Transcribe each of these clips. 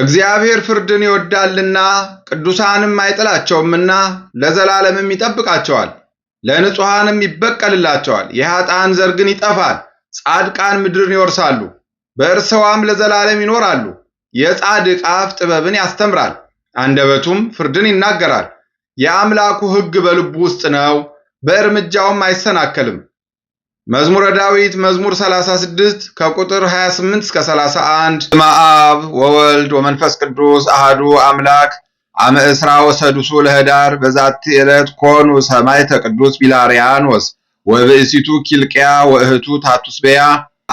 እግዚአብሔር ፍርድን ይወዳልና ቅዱሳንም አይጥላቸውምና ለዘላለምም ይጠብቃቸዋል። ለንጹሐንም ይበቀልላቸዋል። የኃጥአን ዘር ግን ይጠፋል። ጻድቃን ምድርን ይወርሳሉ፣ በእርሰዋም ለዘላለም ይኖራሉ። የጻድቅ አፍ ጥበብን ያስተምራል፣ አንደበቱም ፍርድን ይናገራል። የአምላኩ ሕግ በልቡ ውስጥ ነው፣ በእርምጃውም አይሰናከልም። መዝሙረ ዳዊት መዝሙር 36 ከቁጥር 28 እስከ 31 ስመ አብ ወወልድ ወመንፈስ ቅዱስ አህዱ አምላክ አመ እስራ ወሰዱሱ ለህዳር በዛቲ ዕለት ኮኑ ሰማዕተ ቅዱስ ቢላርያኖስ ወብእሲቱ ኪልቅያ ወእህቱ ታቱስቤያ።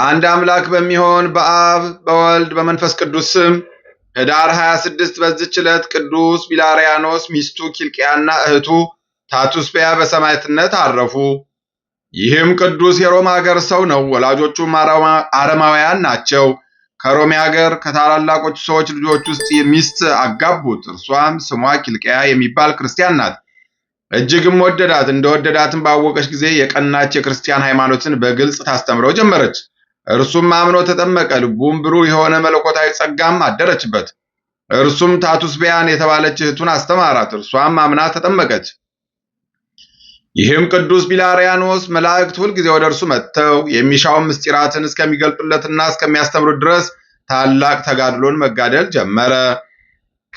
አንድ አምላክ በሚሆን በአብ በወልድ በመንፈስ ቅዱስ ስም ህዳር 26 በዚች ዕለት ቅዱስ ቢላርያኖስ ሚስቱ ኪልቅያና እህቱ ታቱስቤያ በሰማዕትነት አረፉ። ይህም ቅዱስ የሮም አገር ሰው ነው። ወላጆቹም አረማውያን ናቸው። ከሮሜ አገር ከታላላቆች ሰዎች ልጆች ውስጥ ሚስት አጋቡት። እርሷም ስሟ ኪልቅያ የሚባል ክርስቲያን ናት። እጅግም ወደዳት። እንደወደዳትም ባወቀች ጊዜ የቀናች የክርስቲያን ሃይማኖትን በግልጽ ታስተምረው ጀመረች። እርሱም አምኖ ተጠመቀ። ልቡም ብሩህ የሆነ መለኮታዊ ጸጋም አደረችበት። እርሱም ታቱስቢያን የተባለች እህቱን አስተማራት። እርሷም አምና ተጠመቀች። ይህም ቅዱስ ቢላሪያኖስ መላእክት ሁልጊዜ ወደ እርሱ መጥተው የሚሻውን ምስጢራትን እስከሚገልጡለትና እስከሚያስተምሩት ድረስ ታላቅ ተጋድሎን መጋደል ጀመረ።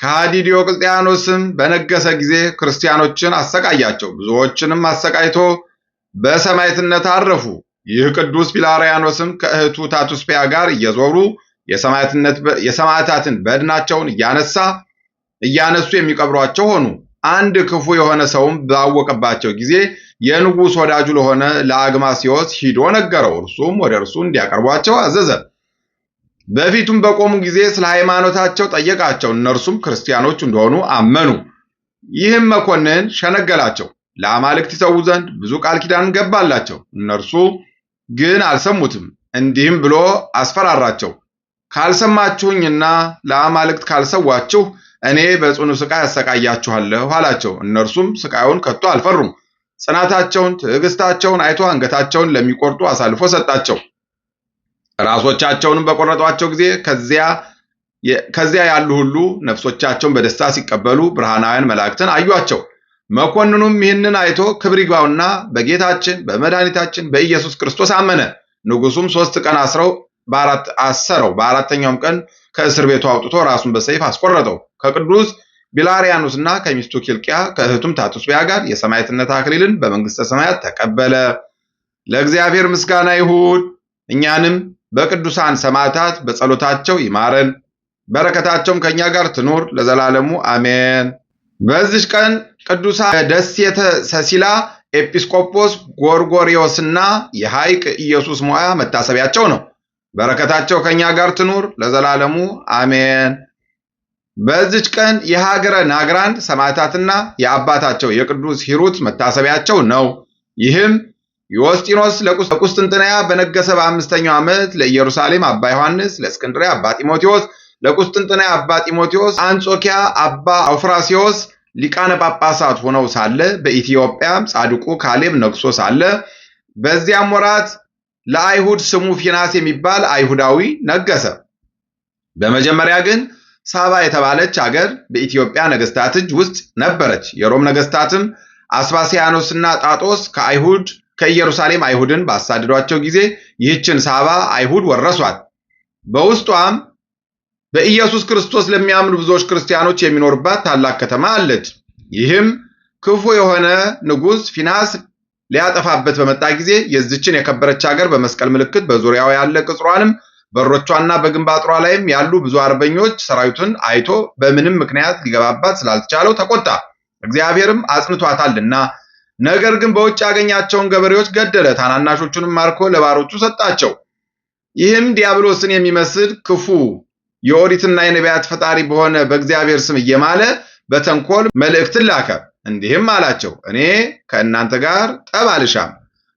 ከሃዲ ዲዮቅልጥያኖስም በነገሰ ጊዜ ክርስቲያኖችን አሰቃያቸው፣ ብዙዎችንም አሰቃይቶ በሰማዕትነት አረፉ። ይህ ቅዱስ ቢላሪያኖስም ከእህቱ ታቱስፔያ ጋር እየዞሩ የሰማዕታትን በድናቸውን እያነሳ እያነሱ የሚቀብሯቸው ሆኑ። አንድ ክፉ የሆነ ሰውም ባወቀባቸው ጊዜ የንጉሥ ወዳጁ ለሆነ ሲወስ ሂዶ ነገረው። እርሱም ወደ እርሱ እንዲያቀርቧቸው አዘዘ። በፊቱም በቆሙ ጊዜ ስለ ሃይማኖታቸው ጠየቃቸው። እነርሱም ክርስቲያኖች እንደሆኑ አመኑ። ይህም መኮንን ሸነገላቸው። ለአማልክት ይሰዉ ዘንድ ብዙ ቃል ኪዳን ገባላቸው። እነርሱ ግን አልሰሙትም። እንዲህም ብሎ አስፈራራቸው። ካልሰማችሁኝና ለአማልክት ካልሰዋችሁ እኔ በጽኑ ስቃይ አሰቃያችኋለሁ አላቸው። እነርሱም ስቃዩን ከቶ አልፈሩም። ጽናታቸውን፣ ትዕግስታቸውን አይቶ አንገታቸውን ለሚቆርጡ አሳልፎ ሰጣቸው። ራሶቻቸውንም በቆረጧቸው ጊዜ ከዚያ ያሉ ሁሉ ነፍሶቻቸውን በደስታ ሲቀበሉ ብርሃናውያን መላእክትን አዩአቸው። መኮንኑም ይህንን አይቶ ክብር ይግባውና በጌታችን በመድኃኒታችን በኢየሱስ ክርስቶስ አመነ። ንጉሱም ሦስት ቀን አስረው በአራት አሰረው። በአራተኛውም ቀን ከእስር ቤቱ አውጥቶ ራሱን በሰይፍ አስቆረጠው። ከቅዱስ ቢላሪያኑስ እና ከሚስቱ ኪልቅያ ከእህቱም ታቱስቢያ ጋር የሰማዕትነት አክሊልን በመንግስተ ሰማያት ተቀበለ። ለእግዚአብሔር ምስጋና ይሁን። እኛንም በቅዱሳን ሰማዕታት በጸሎታቸው ይማረን፣ በረከታቸውም ከእኛ ጋር ትኑር ለዘላለሙ አሜን። በዚች ቀን ቅዱሳን ደሴተ ሰሲላ ኤጲስቆጶስ ጎርጎሪዎስና የሐይቅ ኢየሱስ ሞያ መታሰቢያቸው ነው። በረከታቸው ከእኛ ጋር ትኑር ለዘላለሙ አሜን። በዚች ቀን የሀገረ ናግራንድ ሰማዕታትና የአባታቸው የቅዱስ ሂሩት መታሰቢያቸው ነው። ይህም ዮስጢኖስ ለቁስጥንጥንያ በነገሰ በአምስተኛው ዓመት ለኢየሩሳሌም አባ ዮሐንስ፣ ለእስክንድርያ አባ ጢሞቴዎስ፣ ለቁስጥንጥንያ አባ ጢሞቴዎስ፣ አንጾኪያ አባ አውፍራሲዎስ ሊቃነ ጳጳሳት ሆነው ሳለ በኢትዮጵያም ጻድቁ ካሌብ ነግሶ ሳለ በዚያም ወራት ለአይሁድ ስሙ ፊናስ የሚባል አይሁዳዊ ነገሰ። በመጀመሪያ ግን ሳባ የተባለች አገር በኢትዮጵያ ነገስታት እጅ ውስጥ ነበረች። የሮም ነገስታትም አስባሲያኖስና ጣጦስ ከአይሁድ ከኢየሩሳሌም አይሁድን ባሳደዷቸው ጊዜ ይህችን ሳባ አይሁድ ወረሷት። በውስጧም በኢየሱስ ክርስቶስ ለሚያምኑ ብዙዎች ክርስቲያኖች የሚኖርባት ታላቅ ከተማ አለች። ይህም ክፉ የሆነ ንጉሥ ፊናስ ሊያጠፋበት በመጣ ጊዜ የዚችን የከበረች ሀገር በመስቀል ምልክት በዙሪያው ያለ ቅጽሯንም በሮቿና በግንባጥሯ ላይም ያሉ ብዙ አርበኞች ሰራዊቱን አይቶ በምንም ምክንያት ሊገባባት ስላልተቻለው ተቆጣ። እግዚአብሔርም አጽንቷታልና። ነገር ግን በውጭ ያገኛቸውን ገበሬዎች ገደለ፣ ታናናሾቹንም ማርኮ ለባሮቹ ሰጣቸው። ይህም ዲያብሎስን የሚመስል ክፉ የኦሪትና የነቢያት ፈጣሪ በሆነ በእግዚአብሔር ስም እየማለ በተንኮል መልእክትን ላከ። እንዲህም አላቸው፣ እኔ ከእናንተ ጋር ጠብ አልሻም፣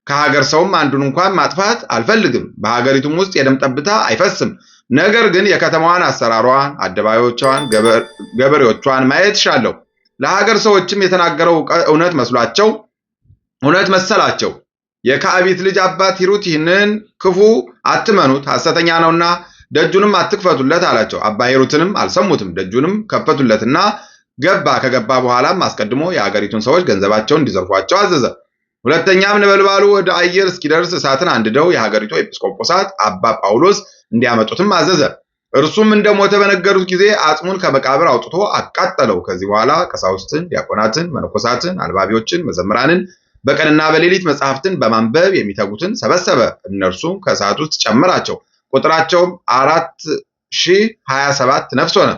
ከሀገር ሰውም አንዱን እንኳን ማጥፋት አልፈልግም። በሀገሪቱም ውስጥ የደም ጠብታ አይፈስም። ነገር ግን የከተማዋን አሰራሯን፣ አደባባዮቿን፣ ገበሬዎቿን ማየት እሻለሁ። ለሀገር ሰዎችም የተናገረው እውነት መስሏቸው እውነት መሰላቸው። የካዕቢት ልጅ አባት ሂሩት ይህንን ክፉ አትመኑት፣ ሐሰተኛ ነውና ደጁንም አትክፈቱለት አላቸው። አባ ሂሩትንም አልሰሙትም። ደጁንም ከፈቱለትና ገባ። ከገባ በኋላም አስቀድሞ የአገሪቱን ሰዎች ገንዘባቸውን እንዲዘርፏቸው አዘዘ። ሁለተኛም ነበልባሉ ወደ አየር እስኪደርስ እሳትን አንድደው የሀገሪቱ ኤጲስቆጶሳት አባ ጳውሎስ እንዲያመጡትም አዘዘ። እርሱም እንደሞተ በነገሩት ጊዜ አጽሙን ከመቃብር አውጥቶ አቃጠለው። ከዚህ በኋላ ቀሳውስትን፣ ዲያቆናትን፣ መነኮሳትን፣ አንባቢዎችን፣ መዘምራንን በቀንና በሌሊት መጽሐፍትን በማንበብ የሚተጉትን ሰበሰበ። እነርሱም ከእሳት ውስጥ ጨመራቸው። ቁጥራቸውም አራት ሺህ ሀያ ሰባት ነፍስ ሆነ።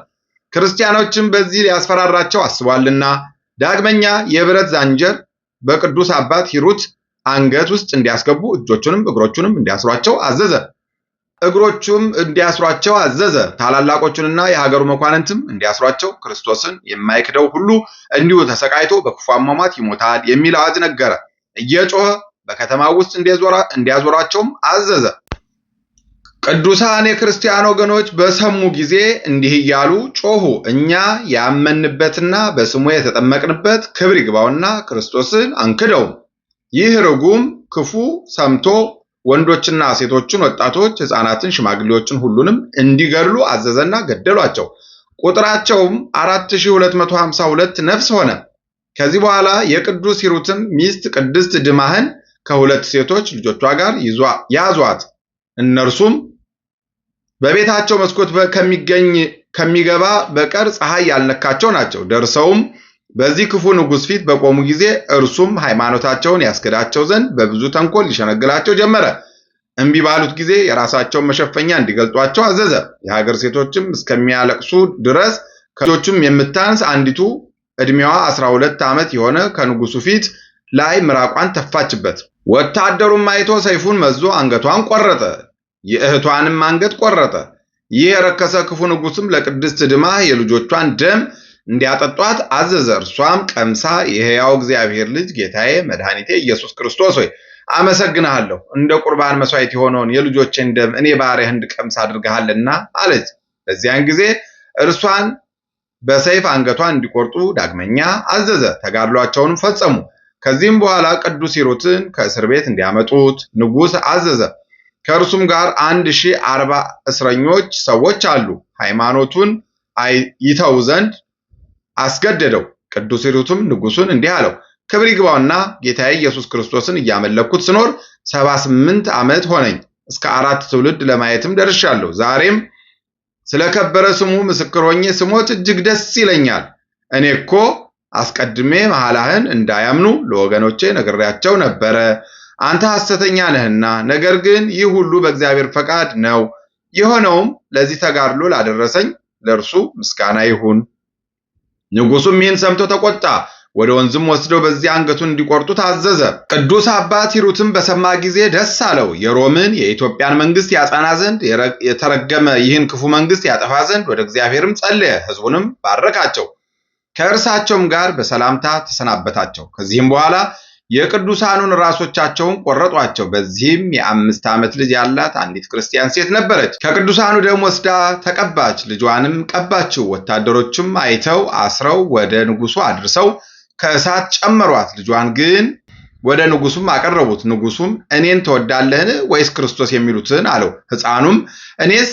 ክርስቲያኖችን በዚህ ሊያስፈራራቸው አስቧልና ዳግመኛ የብረት ዛንጀር በቅዱስ አባት ሂሩት አንገት ውስጥ እንዲያስገቡ እጆቹንም እግሮቹንም እንዲያስሯቸው አዘዘ። እግሮቹም እንዲያስሯቸው አዘዘ። ታላላቆቹንና የሀገሩ መኳንንትም እንዲያስሯቸው፣ ክርስቶስን የማይክደው ሁሉ እንዲሁ ተሰቃይቶ በክፉ አሟሟት ይሞታል የሚል አዋጅ ነገረ። እየጮኸ በከተማ ውስጥ እንዲያዞራቸውም አዘዘ። ቅዱሳን የክርስቲያን ወገኖች በሰሙ ጊዜ እንዲህ እያሉ ጮኹ። እኛ ያመንበትና በስሙ የተጠመቅንበት ክብር ይግባውና ክርስቶስን አንክደውም። ይህ ርጉም ክፉ ሰምቶ ወንዶችና ሴቶችን፣ ወጣቶች፣ ሕፃናትን፣ ሽማግሌዎችን ሁሉንም እንዲገድሉ አዘዘና ገደሏቸው። ቁጥራቸውም 4252 ነፍስ ሆነ። ከዚህ በኋላ የቅዱስ ሂሩትን ሚስት ቅድስት ድማህን ከሁለት ሴቶች ልጆቿ ጋር ያዟት። እነርሱም በቤታቸው መስኮት ከሚገኝ ከሚገባ በቀር ፀሐይ ያልነካቸው ናቸው። ደርሰውም በዚህ ክፉ ንጉሥ ፊት በቆሙ ጊዜ እርሱም ሃይማኖታቸውን ያስክዳቸው ዘንድ በብዙ ተንኮል ሊሸነግላቸው ጀመረ። እምቢ ባሉት ጊዜ የራሳቸውን መሸፈኛ እንዲገልጧቸው አዘዘ። የሀገር ሴቶችም እስከሚያለቅሱ ድረስ ከልጆቹም የምታንስ አንዲቱ ዕድሜዋ 12 ዓመት የሆነ ከንጉሱ ፊት ላይ ምራቋን ተፋችበት። ወታደሩም አይቶ ሰይፉን መዞ አንገቷን ቆረጠ። የእህቷንም አንገት ቆረጠ። ይህ የረከሰ ክፉ ንጉሥም ለቅድስት ድማ የልጆቿን ደም እንዲያጠጧት አዘዘ። እርሷም ቀምሳ የሕያው እግዚአብሔር ልጅ ጌታዬ መድኃኒቴ ኢየሱስ ክርስቶስ ሆይ አመሰግንሃለሁ፣ እንደ ቁርባን መሥዋዕት የሆነውን የልጆችን ደም እኔ ባሪያህ እንድቀምስ አድርገሃልና አለች። በዚያን ጊዜ እርሷን በሰይፍ አንገቷን እንዲቆርጡ ዳግመኛ አዘዘ። ተጋድሏቸውንም ፈጸሙ። ከዚህም በኋላ ቅዱስ ሂሩትን ከእስር ቤት እንዲያመጡት ንጉሥ አዘዘ። ከእርሱም ጋር አንድ ሺህ አርባ እስረኞች ሰዎች አሉ። ሃይማኖቱን ይተው ዘንድ አስገደደው። ቅዱስ ሂሩትም ንጉሱን እንዲህ አለው፣ ክብር ይግባውና ጌታዬ ኢየሱስ ክርስቶስን እያመለኩት ስኖር ሰባ ስምንት ዓመት ሆነኝ። እስከ አራት ትውልድ ለማየትም ደርሻለሁ። ዛሬም ስለከበረ ስሙ ምስክር ሆኜ ስሞት እጅግ ደስ ይለኛል። እኔ እኮ አስቀድሜ መሐላህን እንዳያምኑ ለወገኖቼ ነግሬያቸው ነበረ። አንተ ሐሰተኛ ነህና፣ ነገር ግን ይህ ሁሉ በእግዚአብሔር ፈቃድ ነው። የሆነውም ለዚህ ተጋድሎ ላደረሰኝ ለእርሱ ምስጋና ይሁን። ንጉሱም ይህን ሰምቶ ተቆጣ። ወደ ወንዝም ወስደው በዚያ አንገቱን እንዲቆርጡ ታዘዘ። ቅዱስ አባት ሂሩትም በሰማ ጊዜ ደስ አለው። የሮምን የኢትዮጵያን መንግስት ያጸና ዘንድ የተረገመ ይህን ክፉ መንግስት ያጠፋ ዘንድ ወደ እግዚአብሔርም ጸለየ። ሕዝቡንም ባረካቸው፣ ከእርሳቸውም ጋር በሰላምታ ተሰናበታቸው። ከዚህም በኋላ የቅዱሳኑን ራሶቻቸውን ቆረጧቸው። በዚህም የአምስት ዓመት ልጅ ያላት አንዲት ክርስቲያን ሴት ነበረች። ከቅዱሳኑ ደም ወስዳ ተቀባች፣ ልጇንም ቀባችው። ወታደሮችም አይተው አስረው ወደ ንጉሱ አድርሰው ከእሳት ጨመሯት። ልጇን ግን ወደ ንጉሱም አቀረቡት። ንጉሱም እኔን ትወዳለህን ወይስ ክርስቶስ የሚሉትን አለው። ሕፃኑም እኔስ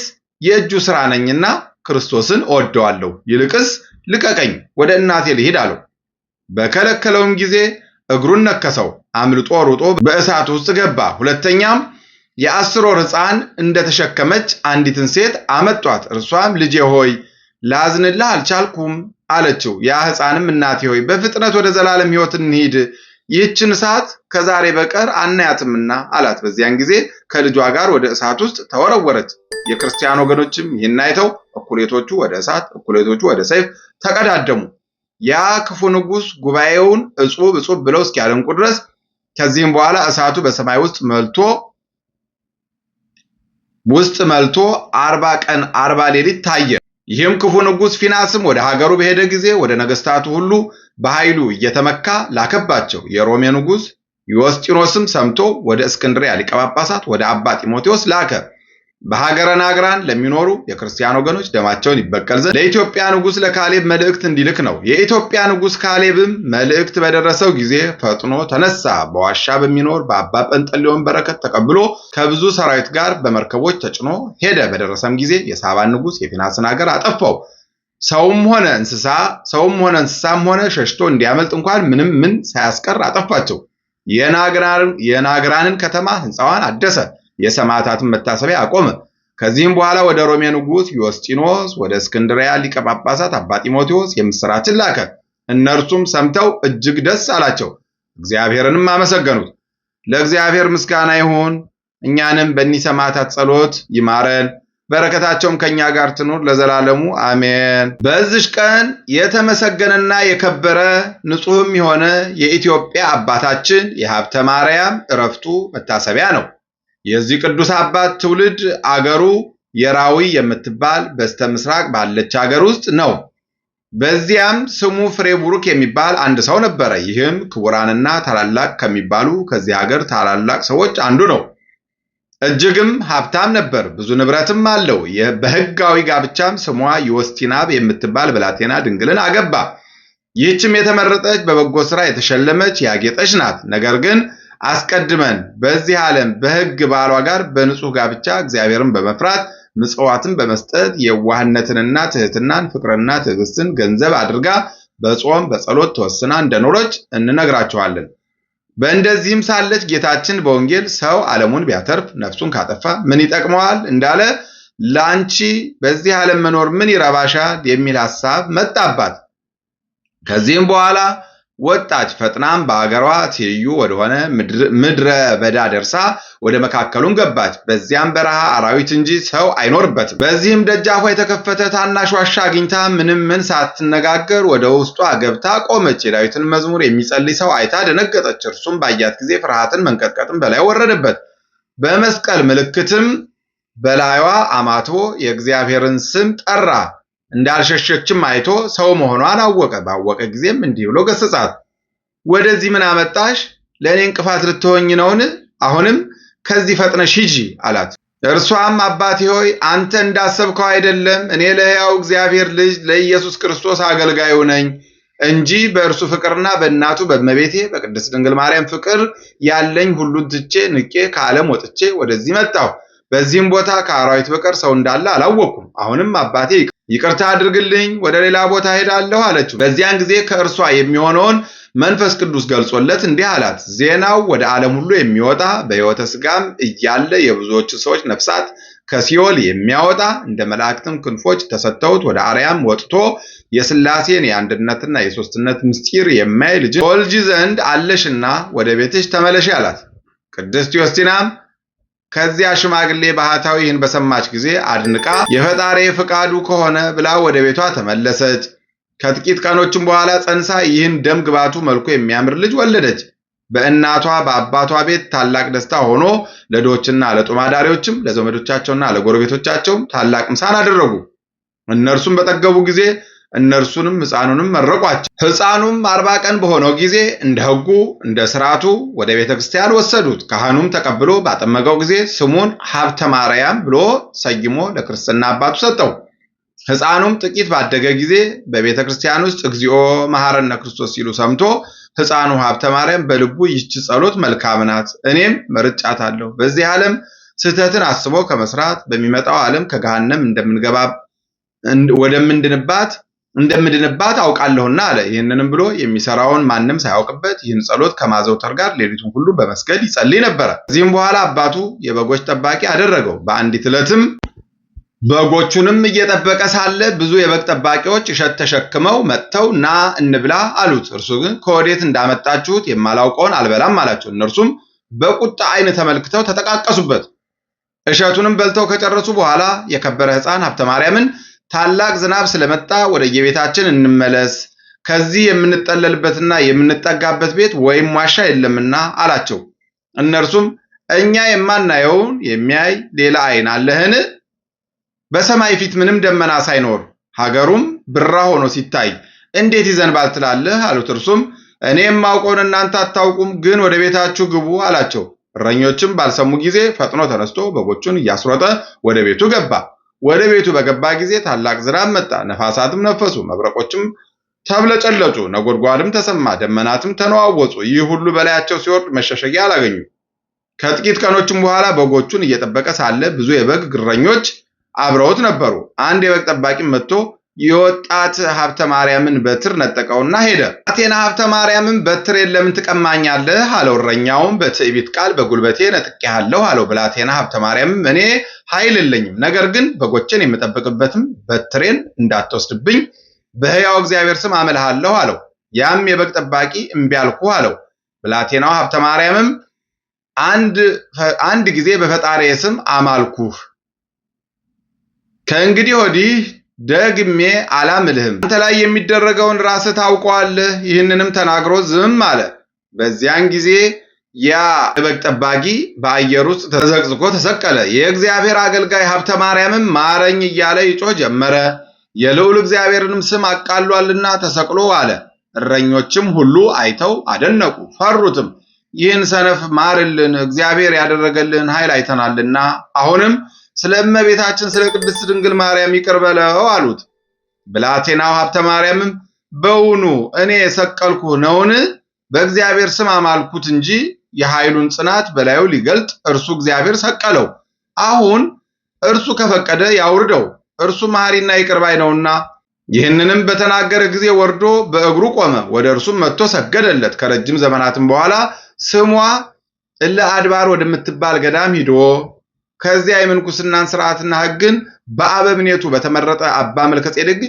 የእጁ ሥራ ነኝና ክርስቶስን እወደዋለሁ፣ ይልቅስ ልቀቀኝ፣ ወደ እናቴ ልሂድ አለው። በከለከለውም ጊዜ እግሩን ነከሰው፣ አምልጦ ሩጦ በእሳት ውስጥ ገባ። ሁለተኛም የአስር ወር ሕፃን እንደተሸከመች አንዲትን ሴት አመጧት። እርሷም ልጄ ሆይ ላዝንልህ አልቻልኩም አለችው። ያ ሕፃንም እናቴ ሆይ በፍጥነት ወደ ዘላለም ሕይወት እንሂድ ይህችን እሳት ከዛሬ በቀር አናያትምና አላት። በዚያን ጊዜ ከልጇ ጋር ወደ እሳት ውስጥ ተወረወረች። የክርስቲያን ወገኖችም ይህን አይተው እኩሌቶቹ ወደ እሳት፣ እኩሌቶቹ ወደ ሰይፍ ተቀዳደሙ። ያ ክፉ ንጉሥ ጉባኤውን እጹብ እጹብ ብለው እስኪያደንቁ ድረስ ከዚህም በኋላ እሳቱ በሰማይ ውስጥ መልቶ ውስጥ መልቶ አርባ ቀን አርባ ሌሊት ታየ። ይህም ክፉ ንጉሥ ፊናስም ወደ ሀገሩ በሄደ ጊዜ ወደ ነገሥታቱ ሁሉ በኃይሉ እየተመካ ላከባቸው። የሮሜ ንጉሥ ዮስጢኖስም ሰምቶ ወደ እስክንድሪያ ሊቀ ጳጳሳት ወደ አባ ጢሞቴዎስ ላከ። በሀገረ ናግራን ለሚኖሩ የክርስቲያን ወገኖች ደማቸውን ይበቀል ዘንድ ለኢትዮጵያ ንጉሥ ለካሌብ መልእክት እንዲልክ ነው። የኢትዮጵያ ንጉሥ ካሌብም መልእክት በደረሰው ጊዜ ፈጥኖ ተነሳ። በዋሻ በሚኖር በአባ ጴንጠሌዎን በረከት ተቀብሎ ከብዙ ሰራዊት ጋር በመርከቦች ተጭኖ ሄደ። በደረሰም ጊዜ የሳባን ንጉሥ የፊናስን ሀገር አጠፋው። ሰውም ሆነ እንስሳ ሰውም ሆነ እንስሳም ሆነ ሸሽቶ እንዲያመልጥ እንኳን ምንም ምን ሳያስቀር አጠፋቸው። የናግራንን ከተማ ሕንፃዋን አደሰ። የሰማዕታትን መታሰቢያ አቆመ። ከዚህም በኋላ ወደ ሮሜ ንጉሥ ዮስጢኖስ፣ ወደ እስክንድሪያ ሊቀ ጳጳሳት አባ ጢሞቴዎስ የምሥራችን ላከ። እነርሱም ሰምተው እጅግ ደስ አላቸው፣ እግዚአብሔርንም አመሰገኑት። ለእግዚአብሔር ምስጋና ይሁን፣ እኛንም በእኒህ ሰማዕታት ጸሎት ይማረን፣ በረከታቸውም ከእኛ ጋር ትኑር ለዘላለሙ አሜን። በዚች ቀን የተመሰገነና የከበረ ንጹሕም የሆነ የኢትዮጵያ አባታችን የሀብተ ማርያም እረፍቱ መታሰቢያ ነው። የዚህ ቅዱስ አባት ትውልድ አገሩ የራዊ የምትባል በስተምስራቅ ባለች አገር ውስጥ ነው። በዚያም ስሙ ፍሬ ቡሩክ የሚባል አንድ ሰው ነበረ። ይህም ክቡራንና ታላላቅ ከሚባሉ ከዚህ ሀገር ታላላቅ ሰዎች አንዱ ነው። እጅግም ሀብታም ነበር፣ ብዙ ንብረትም አለው። በህጋዊ ጋብቻም ስሟ ዮስቲናብ የምትባል ብላቴና ድንግልን አገባ። ይህችም የተመረጠች በበጎ ስራ የተሸለመች ያጌጠች ናት። ነገር ግን አስቀድመን በዚህ ዓለም በሕግ ባሏ ጋር በንጹሕ ጋብቻ እግዚአብሔርን በመፍራት ምጽዋትን በመስጠት የዋህነትንና ትህትናን ፍቅርና ትዕግስትን ገንዘብ አድርጋ በጾም በጸሎት ተወስና እንደኖረች እንነግራቸዋለን። በእንደዚህም ሳለች ጌታችን በወንጌል ሰው ዓለሙን ቢያተርፍ ነፍሱን ካጠፋ ምን ይጠቅመዋል እንዳለ ለአንቺ በዚህ ዓለም መኖር ምን ይረባሻል የሚል ሐሳብ መጣባት። ከዚህም በኋላ ወጣች። ፈጥናም በአገሯ ትይዩ ወደሆነ ምድረ በዳ ደርሳ ወደ መካከሉም ገባች። በዚያም በረሃ አራዊት እንጂ ሰው አይኖርበትም። በዚህም ደጃፏ የተከፈተ ታናሽ ዋሻ አግኝታ ምንም ምን ሳትነጋገር ወደ ውስጧ ገብታ ቆመች። የዳዊትን መዝሙር የሚጸልይ ሰው አይታ ደነገጠች። እርሱም ባያት ጊዜ ፍርሃትን መንቀጥቀጥን በላይ ወረደበት። በመስቀል ምልክትም በላይዋ አማትቦ የእግዚአብሔርን ስም ጠራ። እንዳልሸሸችም አይቶ ሰው መሆኗን አወቀ። ባወቀ ጊዜም እንዲህ ብሎ ገሰጻት፣ ወደዚህ ምን አመጣሽ? ለእኔ እንቅፋት ልትሆኝ ነውን? አሁንም ከዚህ ፈጥነሽ ሂጂ አላት። እርሷም አባቴ ሆይ አንተ እንዳሰብከው አይደለም፣ እኔ ለሕያው እግዚአብሔር ልጅ ለኢየሱስ ክርስቶስ አገልጋዩ ነኝ እንጂ በእርሱ ፍቅርና በእናቱ በእመቤቴ በቅድስት ድንግል ማርያም ፍቅር ያለኝ ሁሉን ትቼ ንቄ ከዓለም ወጥቼ ወደዚህ መጣሁ። በዚህም ቦታ ከአራዊት በቀር ሰው እንዳለ አላወቅኩም። አሁንም አባቴ ይቅርታ አድርግልኝ፣ ወደ ሌላ ቦታ ሄዳለሁ አለችው። በዚያን ጊዜ ከእርሷ የሚሆነውን መንፈስ ቅዱስ ገልጾለት እንዲህ አላት፣ ዜናው ወደ ዓለም ሁሉ የሚወጣ በሕይወተ ሥጋም እያለ የብዙዎች ሰዎች ነፍሳት ከሲኦል የሚያወጣ እንደ መላእክትም ክንፎች ተሰጥተውት ወደ አርያም ወጥቶ የሥላሴን የአንድነትና የሦስትነት ምስጢር የማይ ልጅ ወልጅ ዘንድ አለሽና ወደ ቤትሽ ተመለሽ አላት። ቅድስት ዮስቲናም ከዚያ ሽማግሌ ባህታዊ ይህን በሰማች ጊዜ አድንቃ የፈጣሪ ፍቃዱ ከሆነ ብላ ወደ ቤቷ ተመለሰች። ከጥቂት ቀኖችም በኋላ ጸንሳ ይህን ደም ግባቱ መልኩ የሚያምር ልጅ ወለደች። በእናቷ በአባቷ ቤት ታላቅ ደስታ ሆኖ ለድሆችና ለጡማዳሪዎችም ለዘመዶቻቸውና ለጎረቤቶቻቸውም ታላቅ ምሳን አደረጉ። እነርሱም በጠገቡ ጊዜ እነርሱንም ሕፃኑንም መረቋቸው። ሕፃኑም አርባ ቀን በሆነው ጊዜ እንደ ሕጉ እንደ ሥርዓቱ ወደ ቤተ ክርስቲያን ወሰዱት። ካህኑም ተቀብሎ ባጠመቀው ጊዜ ስሙን ሀብተ ማርያም ብሎ ሰይሞ ለክርስትና አባቱ ሰጠው። ሕፃኑም ጥቂት ባደገ ጊዜ በቤተ ክርስቲያን ውስጥ እግዚኦ መሐረነ ክርስቶስ ሲሉ ሰምቶ ሕፃኑ ሀብተ ማርያም በልቡ ይህች ጸሎት መልካም ናት፣ እኔም መርጫታለሁ። በዚህ ዓለም ስህተትን አስቦ ከመስራት በሚመጣው ዓለም ከገሃነም እንደምንገባ ወደምንድንባት እንደምድንባት አውቃለሁና አለ። ይህንንም ብሎ የሚሰራውን ማንም ሳያውቅበት ይህን ጸሎት ከማዘውተር ጋር ሌሊቱን ሁሉ በመስገድ ይጸልይ ነበረ። ከዚህም በኋላ አባቱ የበጎች ጠባቂ አደረገው። በአንዲት ዕለትም በጎቹንም እየጠበቀ ሳለ ብዙ የበግ ጠባቂዎች እሸት ተሸክመው መጥተው ና እንብላ አሉት። እርሱ ግን ከወዴት እንዳመጣችሁት የማላውቀውን አልበላም አላቸው። እነርሱም በቁጣ ዓይን ተመልክተው ተጠቃቀሱበት። እሸቱንም በልተው ከጨረሱ በኋላ የከበረ ሕፃን ሀብተ ማርያምን ታላቅ ዝናብ ስለመጣ የቤታችን እንመለስ፣ ከዚህ የምንጠለልበትና የምንጠጋበት ቤት ወይም ዋሻ የለምና አላቸው። እነርሱም እኛ የማናየውን የሚያይ ሌላ ዓይን አለህን? በሰማይ ፊት ምንም ደመና ሳይኖር ሀገሩም ብራ ሆኖ ሲታይ እንዴት ይዘንባል ትላለህ? አሉት። እርሱም እኔ የማውቀውን እናንተ አታውቁም፣ ግን ወደ ቤታችሁ ግቡ አላቸው። እረኞችም ባልሰሙ ጊዜ ፈጥኖ ተነስቶ በጎቹን እያስሮጠ ወደ ቤቱ ገባ። ወደ ቤቱ በገባ ጊዜ ታላቅ ዝናብ መጣ፣ ነፋሳትም ነፈሱ፣ መብረቆችም ተብለጨለጩ፣ ነጎድጓድም ተሰማ፣ ደመናትም ተነዋወጹ። ይህ ሁሉ በላያቸው ሲወርድ መሸሸጊያ አላገኙ። ከጥቂት ቀኖችም በኋላ በጎቹን እየጠበቀ ሳለ ብዙ የበግ ግረኞች አብረውት ነበሩ። አንድ የበግ ጠባቂም መጥቶ የወጣት ሀብተ ማርያምን በትር ነጠቀውና ሄደ። አቴና ሀብተ ማርያምን በትሬን ለምን ትቀማኛለህ አለው። እረኛውም በትዕቢት ቃል በጉልበቴ ነጥቄሃለሁ አለው። ብላቴና ሀብተ ማርያምም እኔ ኃይል የለኝም፣ ነገር ግን በጎችን የምጠብቅበትም በትሬን እንዳትወስድብኝ በሕያው እግዚአብሔር ስም አመልሃለሁ አለው። ያም የበግ ጠባቂ እምቢ አለው። ብላቴናው ሀብተ ማርያምም አንድ ጊዜ በፈጣሪ ስም አማልኩህ ከእንግዲህ ወዲህ ደግሜ አላምልህም። አንተ ላይ የሚደረገውን ራስ ታውቀዋለህ። ይህንንም ተናግሮ ዝም አለ። በዚያን ጊዜ ያ የበግ ጠባቂ በአየር ውስጥ ተዘቅዝቆ ተሰቀለ። የእግዚአብሔር አገልጋይ ሀብተ ማርያምም ማረኝ እያለ ይጮህ ጀመረ። የልዑል እግዚአብሔርንም ስም አቃሏልና ተሰቅሎ አለ። እረኞችም ሁሉ አይተው አደነቁ፣ ፈሩትም። ይህን ሰነፍ ማርልን፣ እግዚአብሔር ያደረገልን ኃይል አይተናልና አሁንም ስለ እመቤታችን ስለ ቅድስት ድንግል ማርያም ይቅር በለው አሉት። ብላቴናው ሀብተ ማርያምም በውኑ እኔ የሰቀልኩ ነውን? በእግዚአብሔር ስም አማልኩት እንጂ የኃይሉን ጽናት በላዩ ሊገልጥ እርሱ እግዚአብሔር ሰቀለው። አሁን እርሱ ከፈቀደ ያውርደው፣ እርሱ መሐሪና ይቅር ነውና። ይህንንም በተናገረ ጊዜ ወርዶ በእግሩ ቆመ። ወደ እርሱም መጥቶ ሰገደለት። ከረጅም ዘመናትም በኋላ ስሟ እለ አድባር ወደምትባል ገዳም ሂዶ ከዚያ የምንኩስናን ስርዓትና ህግን በአበምኔቱ በተመረጠ አባ መልከጼዴቅ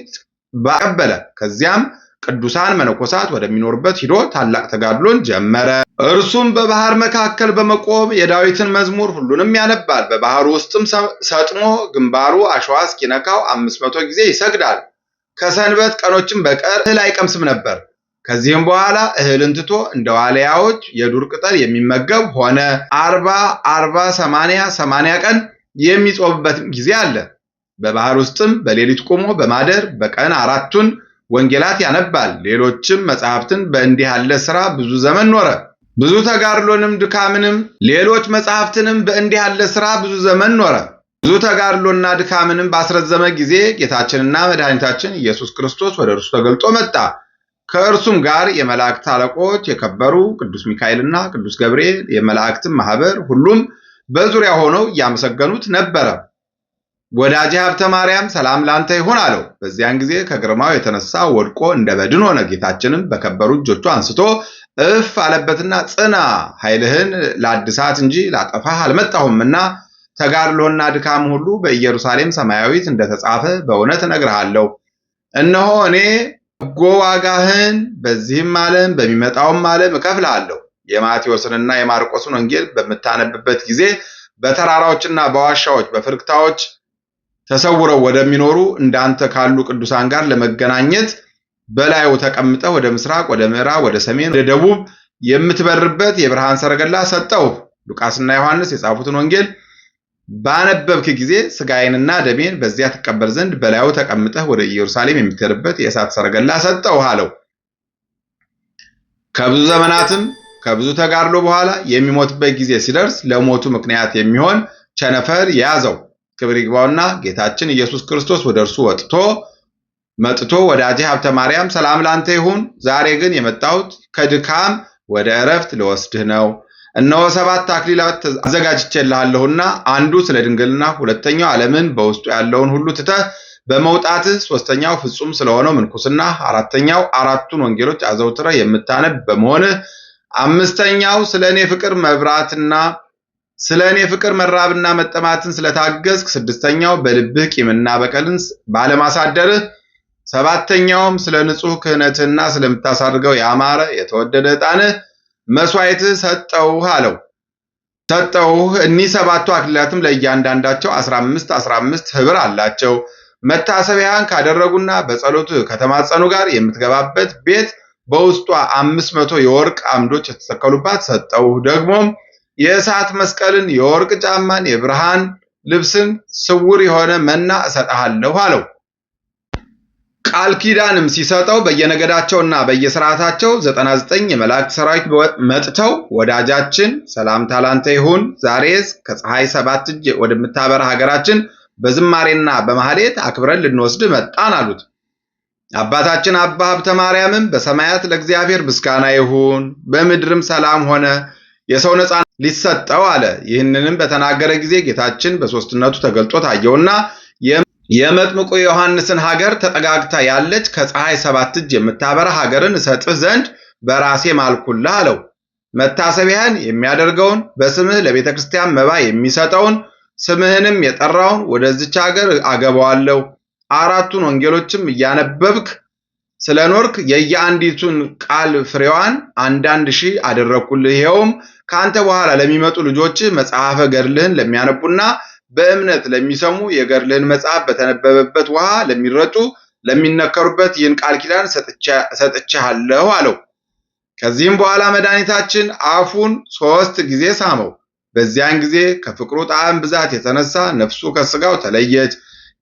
ባቀበለ። ከዚያም ቅዱሳን መነኮሳት ወደሚኖርበት ሂዶ ታላቅ ተጋድሎን ጀመረ። እርሱም በባህር መካከል በመቆም የዳዊትን መዝሙር ሁሉንም ያነባል። በባህር ውስጥም ሰጥሞ ግንባሩ አሸዋ እስኪነካው አምስት መቶ ጊዜ ይሰግዳል። ከሰንበት ቀኖችም በቀር እህል አይቀምስም ነበር። ከዚህም በኋላ እህልን ትቶ እንደ ዋልያዎች የዱር ቅጠል የሚመገብ ሆነ። አርባ አርባ ሰማንያ ሰማንያ ቀን የሚጾምበትም ጊዜ አለ። በባህር ውስጥም በሌሊት ቆሞ በማደር በቀን አራቱን ወንጌላት ያነባል። ሌሎችም መጽሐፍትን በእንዲህ ያለ ሥራ ብዙ ዘመን ኖረ። ብዙ ተጋድሎንም ድካምንም ሌሎች መጽሐፍትንም በእንዲህ ያለ ሥራ ብዙ ዘመን ኖረ። ብዙ ተጋድሎና ድካምንም ባስረዘመ ጊዜ ጌታችንና መድኃኒታችን ኢየሱስ ክርስቶስ ወደ እርሱ ተገልጦ መጣ። ከእርሱም ጋር የመላእክት አለቆች የከበሩ ቅዱስ ሚካኤልና ቅዱስ ገብርኤል የመላእክትም ማህበር ሁሉም በዙሪያ ሆነው እያመሰገኑት ነበረ። ወዳጄ ሀብተ ማርያም ሰላም ላንተ ይሁን አለው። በዚያን ጊዜ ከግርማው የተነሳ ወድቆ እንደ በድን ሆነ። ጌታችንም በከበሩ እጆቹ አንስቶ እፍ አለበትና ጽና፣ ኃይልህን ላድሳት እንጂ ላጠፋህ አልመጣሁምና ተጋድሎና ድካም ሁሉ በኢየሩሳሌም ሰማያዊት እንደተጻፈ በእውነት እነግርሃለሁ እነሆ እኔ በጎ ዋጋህን በዚህም ዓለም በሚመጣውም ዓለም እከፍልሃለሁ። የማቴዎስንና የማርቆስን ወንጌል በምታነብበት ጊዜ በተራራዎችና በዋሻዎች በፍርክታዎች ተሰውረው ወደሚኖሩ እንዳንተ ካሉ ቅዱሳን ጋር ለመገናኘት በላዩ ተቀምጠህ ወደ ምስራቅ፣ ወደ ምዕራብ፣ ወደ ሰሜን፣ ወደ ደቡብ የምትበርበት የብርሃን ሰረገላ ሰጠው። ሉቃስና ዮሐንስ የጻፉትን ወንጌል ባነበብክ ጊዜ ስጋይንና ደሜን በዚያ ትቀበል ዘንድ በላዩ ተቀምጠህ ወደ ኢየሩሳሌም የምትሄድበት የእሳት ሰረገላ ሰጠው አለው። ከብዙ ዘመናትም ከብዙ ተጋድሎ በኋላ የሚሞትበት ጊዜ ሲደርስ ለሞቱ ምክንያት የሚሆን ቸነፈር ያዘው። ክብር ይግባውና ጌታችን ኢየሱስ ክርስቶስ ወደ እርሱ ወጥቶ መጥቶ ወዳጄ ሀብተ ማርያም ሰላም ላንተ ይሁን፣ ዛሬ ግን የመጣሁት ከድካም ወደ እረፍት ልወስድህ ነው እነሆ ሰባት አክሊላት አዘጋጅቼልሃለሁና አንዱ ስለ ድንግልና፣ ሁለተኛው ዓለምን በውስጡ ያለውን ሁሉ ትተህ በመውጣትህ፣ ሶስተኛው ፍጹም ስለሆነው ምንኩስና፣ አራተኛው አራቱን ወንጌሎች አዘውትረህ የምታነብ በመሆንህ፣ አምስተኛው ስለ እኔ ፍቅር መብራትና ስለ እኔ ፍቅር መራብና መጠማትን ስለታገዝክ፣ ስድስተኛው በልብህ ቂምና በቀልን ባለማሳደርህ፣ ሰባተኛውም ስለ ንጹህ ክህነትህና ስለምታሳርገው ያማረ የተወደደ ዕጣንህ መስዋዕት ሰጠውህ አለው። ሰጠውህ እኒህ ሰባቱ አክሊላትም ለእያንዳንዳቸው 15 15 ህብር አላቸው። መታሰቢያን ካደረጉና በጸሎት ከተማጸኑ ጋር የምትገባበት ቤት በውስጧ 500 የወርቅ አምዶች የተሰቀሉባት ሰጠውህ። ደግሞም የእሳት መስቀልን፣ የወርቅ ጫማን፣ የብርሃን ልብስን፣ ስውር የሆነ መና እሰጥሃለሁ አለው። ቃል ኪዳንም ሲሰጠው በየነገዳቸውና በየስርዓታቸው 99 የመላእክት ሰራዊት መጥተው ወዳጃችን ሰላምታ ላንተ ይሁን፣ ዛሬስ ከፀሐይ ሰባት እጅ ወደምታበራ ሀገራችን በዝማሬና በማህሌት አክብረን ልንወስድ መጣን አሉት። አባታችን አባ ሀብተ ማርያምም በሰማያት ለእግዚአብሔር ምስጋና ይሁን፣ በምድርም ሰላም ሆነ፣ የሰው ነፃነት ሊሰጠው አለ። ይህንንም በተናገረ ጊዜ ጌታችን በሦስትነቱ ተገልጦ ታየውና የመጥምቁ ዮሐንስን ሀገር ተጠጋግታ ያለች ከፀሐይ ሰባት እጅ የምታበራ ሀገርን እሰጥህ ዘንድ በራሴ ማልኩልህ አለው። መታሰቢያን የሚያደርገውን በስምህ ለቤተ ክርስቲያን መባ የሚሰጠውን ስምህንም የጠራውን ወደዚች ሀገር አገባዋለሁ። አራቱን ወንጌሎችም እያነበብክ ስለኖርክ የየአንዲቱን ቃል ፍሬዋን አንዳንድ ሺህ አደረግኩልህ። ይኸውም ከአንተ በኋላ ለሚመጡ ልጆች መጽሐፈ ገድልህን ለሚያነቡና በእምነት ለሚሰሙ የገድልህን መጽሐፍ በተነበበበት ውሃ ለሚረጩ ለሚነከሩበት ይህን ቃል ኪዳን ሰጥቼሃለሁ አለው። ከዚህም በኋላ መድኃኒታችን አፉን ሶስት ጊዜ ሳመው። በዚያን ጊዜ ከፍቅሩ ጣዕም ብዛት የተነሳ ነፍሱ ከስጋው ተለየች።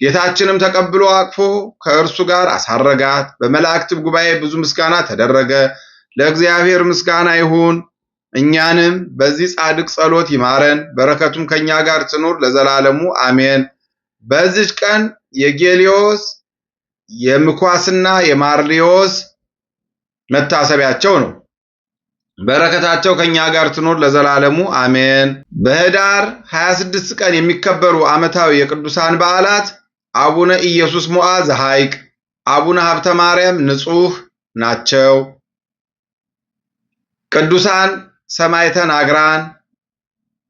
ጌታችንም ተቀብሎ አቅፎ ከእርሱ ጋር አሳረጋት። በመላእክትም ጉባኤ ብዙ ምስጋና ተደረገ። ለእግዚአብሔር ምስጋና ይሁን። እኛንም በዚህ ጻድቅ ጸሎት ይማረን፣ በረከቱም ከኛ ጋር ትኑር ለዘላለሙ አሜን። በዚች ቀን የጌሊዮስ የምኳስና የማርሊዮስ መታሰቢያቸው ነው። በረከታቸው ከኛ ጋር ትኑር ለዘላለሙ አሜን። በህዳር 26 ቀን የሚከበሩ ዓመታዊ የቅዱሳን በዓላት አቡነ ኢየሱስ ሞዓ ዘሐይቅ፣ አቡነ ሀብተ ማርያም ንጹሕ ናቸው። ቅዱሳን ሰማዕተ ናግራን፣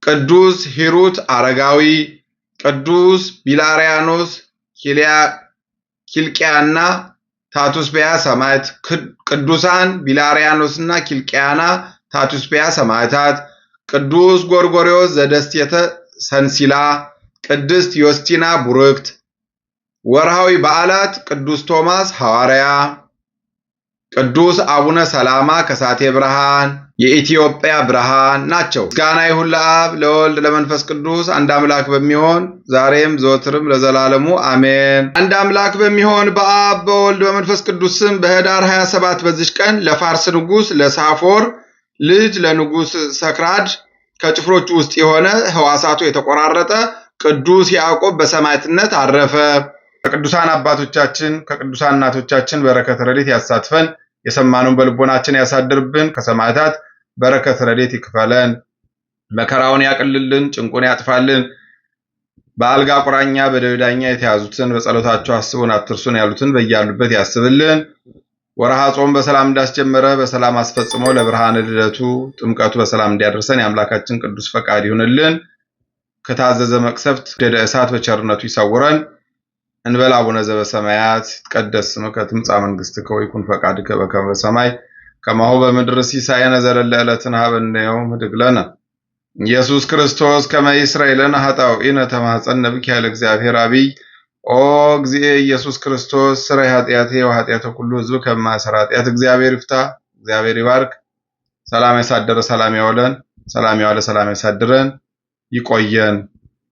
ቅዱስ ሂሩት አረጋዊ፣ ቅዱስ ቢላሪያኖስ ኪልቅያና ታቱስቢያ ሰማዕት፣ ቅዱሳን ቢላሪያኖስና ኪልቅያና ታቱስቢያ ሰማዕታት፣ ቅዱስ ጎርጎርዮስ ዘደስቴተ ሰንሲላ፣ ቅድስት ዮስቲና ቡርክት። ወርሃዊ በዓላት ቅዱስ ቶማስ ሐዋርያ፣ ቅዱስ አቡነ ሰላማ ከሳቴ ብርሃን የኢትዮጵያ ብርሃን ናቸው። ምስጋና ይሁን ለአብ ለወልድ ለመንፈስ ቅዱስ አንድ አምላክ በሚሆን ዛሬም ዘወትርም ለዘላለሙ አሜን። አንድ አምላክ በሚሆን በአብ በወልድ በመንፈስ ቅዱስ ስም በኅዳር 27 በዚች ቀን ለፋርስ ንጉሥ ለሳፎር ልጅ ለንጉሥ ሰክራድ ከጭፍሮቹ ውስጥ የሆነ ሕዋሳቱ የተቆራረጠ ቅዱስ ያዕቆብ በሰማዕትነት አረፈ። ከቅዱሳን አባቶቻችን ከቅዱሳን እናቶቻችን በረከት ረድኤት ያሳትፈን። የሰማነውን በልቦናችን ያሳድርብን። ከሰማዕታት በረከት ረዴት ይክፈለን፣ መከራውን ያቅልልን፣ ጭንቁን ያጥፋልን። በአልጋ ቁራኛ በደዌ የተያዙትን በጸሎታቸው አስቡን አትርሱን ያሉትን በያሉበት ያስብልን። ወርሃ ጾም በሰላም እንዳስጀመረ በሰላም አስፈጽሞ ለብርሃነ ልደቱ ጥምቀቱ በሰላም እንዲያደርሰን የአምላካችን ቅዱስ ፈቃድ ይሁንልን። ከታዘዘ መቅሰፍት ደደ እሳት በቸርነቱ ይሰውረን። እንበል አቡነ ዘበሰማያት ይትቀደስ ስምከ ትምጻእ መንግሥትከ ወይኩን ፈቃድከ በከመ በሰማይ ከማሁ በምድር ሲሳየነ ዘለለዕለትን ሀበነዮ ምድግለነ ኢየሱስ ክርስቶስ ከመ ይስረይለነ ኃጣውኢነ ተማኅፀነ ብኪ ያለ እግዚአብሔር አብይ ኦ እግዚእ ኢየሱስ ክርስቶስ ስራይ ኃጢአቴ ወኃጢአተ ኩሉ ሕዝብ ከማሰራ ኃጢአት እግዚአብሔር ይፍታ፣ እግዚአብሔር ይባርክ። ሰላም ያሳደረ ሰላም ያወለን፣ ሰላም ያዋለ ሰላም ያሳድረን፣ ይቆየን።